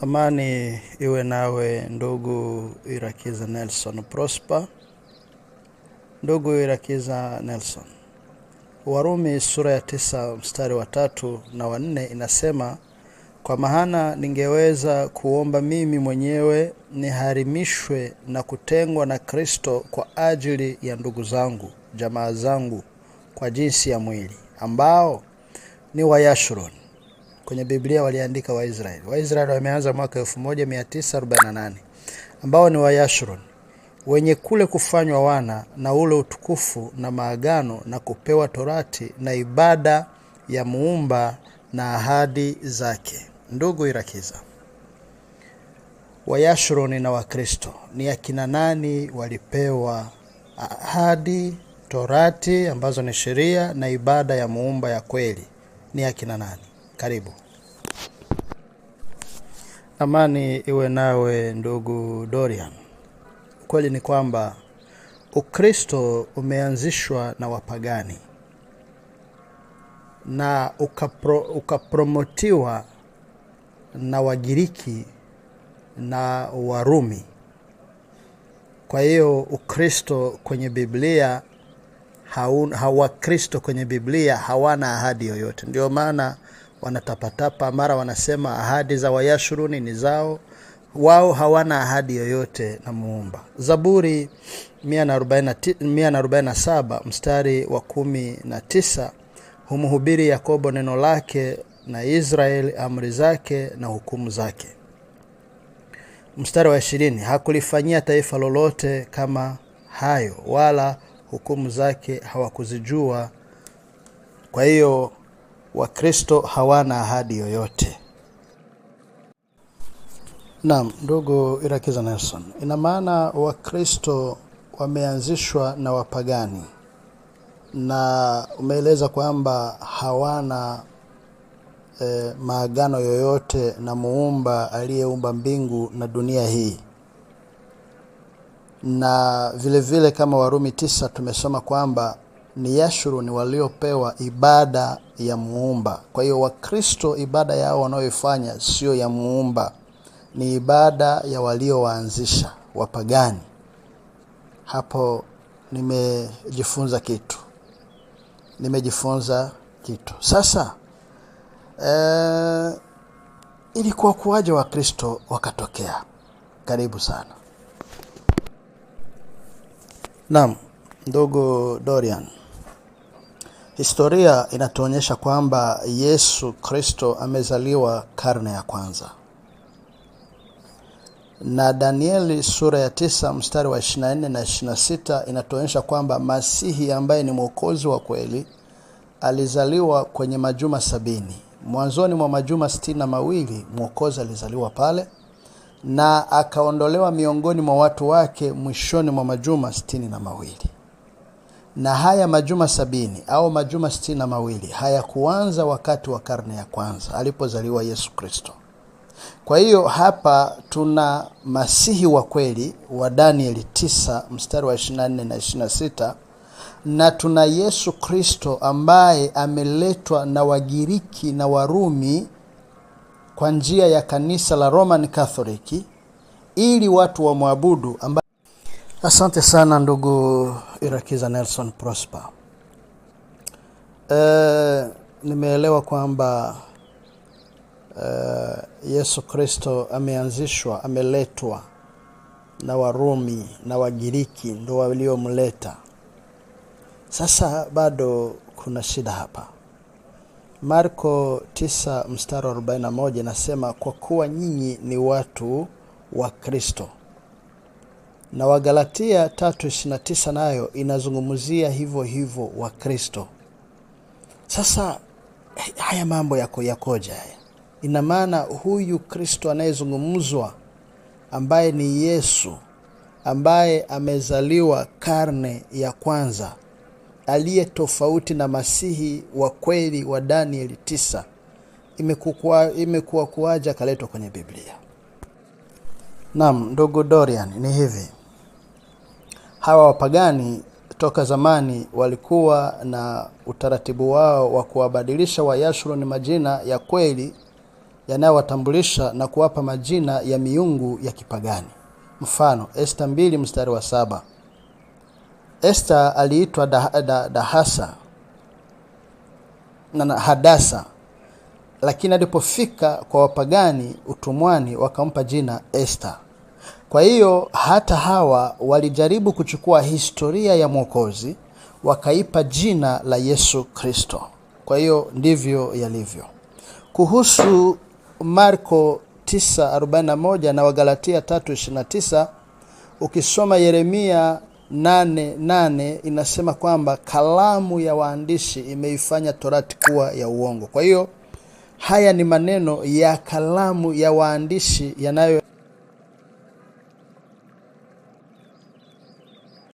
Amani iwe nawe ndugu Irakiza Nelson Prosper. Ndugu Irakiza Nelson, Warumi sura ya tisa mstari wa tatu na wanne inasema kwa maana ningeweza kuomba mimi mwenyewe niharimishwe na kutengwa na Kristo kwa ajili ya ndugu zangu, jamaa zangu kwa jinsi ya mwili, ambao ni Wayashroni kwenye Biblia waliandika Waisraeli. Waisraeli wameanza mwaka 1948 ambao ni Wayashroni wenye kule kufanywa wana na ule utukufu na maagano na kupewa torati na ibada ya muumba na ahadi zake. Ndugu Irakiza, Wayashroni na Wakristo ni akina nani walipewa ahadi, torati ambazo ni sheria na ibada ya muumba ya kweli? Ni akina nani? Karibu. Amani iwe nawe ndugu Dorian. Ukweli ni kwamba Ukristo umeanzishwa na wapagani na ukapro, ukapromotiwa na Wagiriki na Warumi. Kwa hiyo Ukristo kwenye Biblia haun, Wakristo kwenye Biblia hawana ahadi yoyote, ndio maana wanatapatapa, mara wanasema ahadi za wayashuruni ni zao wao hawana ahadi yoyote na Muumba. Zaburi 147 mstari wa kumi na tisa humhubiri Yakobo neno lake na Israeli amri zake na hukumu zake. Mstari wa ishirini hakulifanyia taifa lolote kama hayo, wala hukumu zake hawakuzijua. Kwa hiyo Wakristo hawana ahadi yoyote. Naam, ndugu Irakiza Nelson, ina maana Wakristo wameanzishwa na wapagani na umeeleza kwamba hawana e, maagano yoyote na muumba aliyeumba mbingu na dunia hii, na vilevile vile kama Warumi tisa tumesoma kwamba ni yashuru ni waliopewa ibada ya muumba. Kwa hiyo Wakristo ibada yao wanayoifanya sio ya muumba, ni ibada ya waliowaanzisha wapagani. Hapo nimejifunza kitu, nimejifunza kitu. Sasa eh, ilikuwa kuwaje Wakristo wakatokea? Karibu sana. Naam, ndugu Dorian. Historia inatuonyesha kwamba Yesu Kristo amezaliwa karne ya kwanza, na Danieli sura ya tisa mstari wa 24 na 26 inatuonyesha kwamba Masihi ambaye ni mwokozi wa kweli alizaliwa kwenye majuma sabini. Mwanzoni mwa majuma sitini na mawili mwokozi alizaliwa pale na akaondolewa miongoni mwa watu wake mwishoni mwa majuma sitini na mawili na haya majuma sabini au majuma sitini na mawili hayakuanza wakati wa karne ya kwanza alipozaliwa Yesu Kristo. Kwa hiyo hapa tuna masihi wa kweli wa Danieli 9 mstari wa 24 na 26 na tuna Yesu Kristo ambaye ameletwa na Wagiriki na Warumi kwa njia ya kanisa la Roman catholic ili watu wamwabudu ambaye Asante sana ndugu Irakiza Nelson Prosper. E, nimeelewa kwamba e, Yesu Kristo ameanzishwa, ameletwa na Warumi na Wagiriki ndo waliomleta. Sasa bado kuna shida hapa. Marko 9 mstari 41 nasema, kwa kuwa nyinyi ni watu wa Kristo na Wagalatia 3:29 nayo inazungumzia hivyo hivyo Wakristo. Sasa haya mambo yako yakoja haya, ina maana huyu Kristo anayezungumzwa ambaye ni Yesu ambaye amezaliwa karne ya kwanza aliye tofauti na masihi wa kweli wa Danieli 9 imekuwa imekuwa kuaja akaletwa kwenye Biblia. Naam, ndugu Dorian, ni hivi. Hawa wapagani toka zamani walikuwa na utaratibu wao wa kuwabadilisha ni majina ya kweli yanayowatambulisha na kuwapa majina ya miungu ya kipagani. Mfano, Esta mbili mstari wa saba. Esta aliitwa da, Dahasa na Hadasa, lakini alipofika kwa wapagani utumwani wakampa jina Esta. Kwa hiyo hata hawa walijaribu kuchukua historia ya Mwokozi wakaipa jina la Yesu Kristo. Kwa hiyo ndivyo yalivyo. Kuhusu Marko 9:41 na Wagalatia 3:29, ukisoma Yeremia 8:8 inasema kwamba kalamu ya waandishi imeifanya torati kuwa ya uongo. Kwa hiyo haya ni maneno ya kalamu ya waandishi yanayo